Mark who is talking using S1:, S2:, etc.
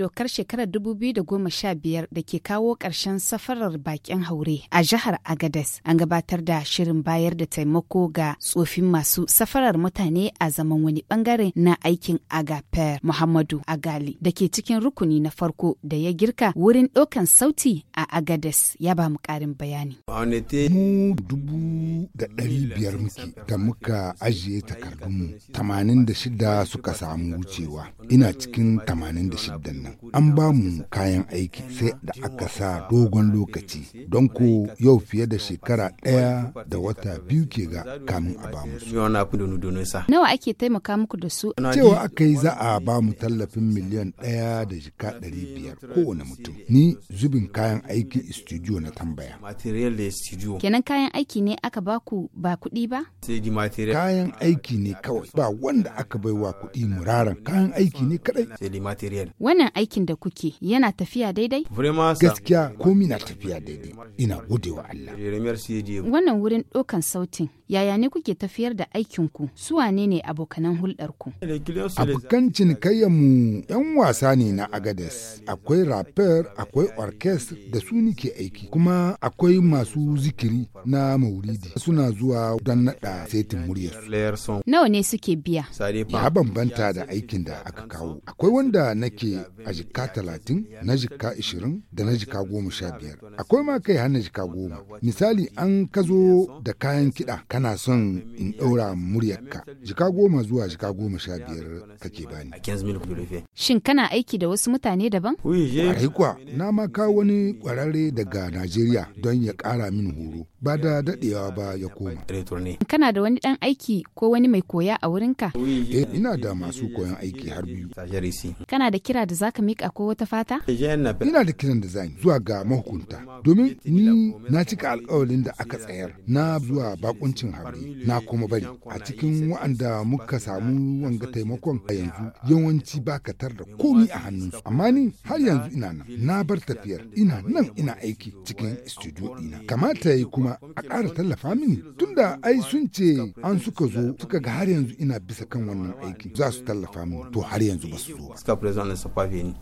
S1: dokar shekarar 2015 da ke kawo ƙarshen safarar bakin haure a jihar Agadez an gabatar da shirin bayar da taimako ga tsofin masu safarar mutane a zaman wani bangare na aikin agapair Muhammadu Agali da ke cikin rukuni na farko da ya girka wurin ɗaukan sauti a Agadez ya ba mu ƙarin bayani.
S2: Mu dubu da ɗari biyar muke da muka ajiye takardunmu tamanin da suka samu wucewa ina cikin tamanin nan an ba mu kayan aiki sai da aka sa dogon lokaci don ko yau fiye da shekara ɗaya da wata biyu ke ga kamun a ba musu. Nawa
S1: ake taimaka muku da su? Cewa aka
S2: yi za a ba mu tallafin miliyan ɗaya da jika ɗari biyar kowane mutum. Ni zubin kayan aiki studio na tambaya.
S1: Kenan kayan aiki ne aka ba ku ba kuɗi ba?
S2: Kayan aiki ne kawai ba wanda aka baiwa kuɗi muraran kayan aiki ne kaɗai.
S1: Wannan aikin da kuke yana tafiya daidai?
S2: Gaskiya komi na tafiya daidai. Ina gode wa Allah.
S1: Wannan wurin ɗaukan sautin yaya ne kuke tafiyar da aikinku su wane ne abokanan hulɗarku abokan
S2: mu 'yan wasa ne na agades akwai rapper akwai orchestra da su nike aiki kuma akwai masu zikiri na maulidi suna zuwa don naɗa setin muryarsu nawa
S1: ne suke biya
S2: ya bambanta da aikin da aka kawo akwai wanda nake a jika talatin na jika ishirin da na jika goma sha biyar akwai ma kai har na jika goma misali an kazo da kayan kiɗa ana son in ɗaura muryarka jika goma zuwa jika goma sha biyar kake bani.
S1: Shin kana aiki da wasu mutane daban?
S2: Kwarai kuwa na ma kawo wani kwararre daga Najeriya don ya ƙara min horo ba da daɗewa ba ya koma.
S1: Kana da wani ɗan aiki ko wani mai koya a wurinka?
S2: Eh ina da masu koyon aiki har biyu.
S1: Kana da kira da zaka miƙa ko wata fata?
S2: Ina da kiran da zan zuwa ga mahukunta domin ni na cika alƙawarin da aka tsayar na zuwa bakuncin cikin na kuma bari a cikin waɗanda muka samu wanga taimakon a yanzu yawanci ba ka tar da komi a hannunsu amma ni har yanzu ina nan na bar tafiyar ina nan ina aiki cikin studio ɗina kamata yi kuma a ƙara tallafa mini tunda ai sun ce an suka zo suka ga har yanzu ina bisa kan wannan aiki za su tallafa mini to har yanzu ba su zo ba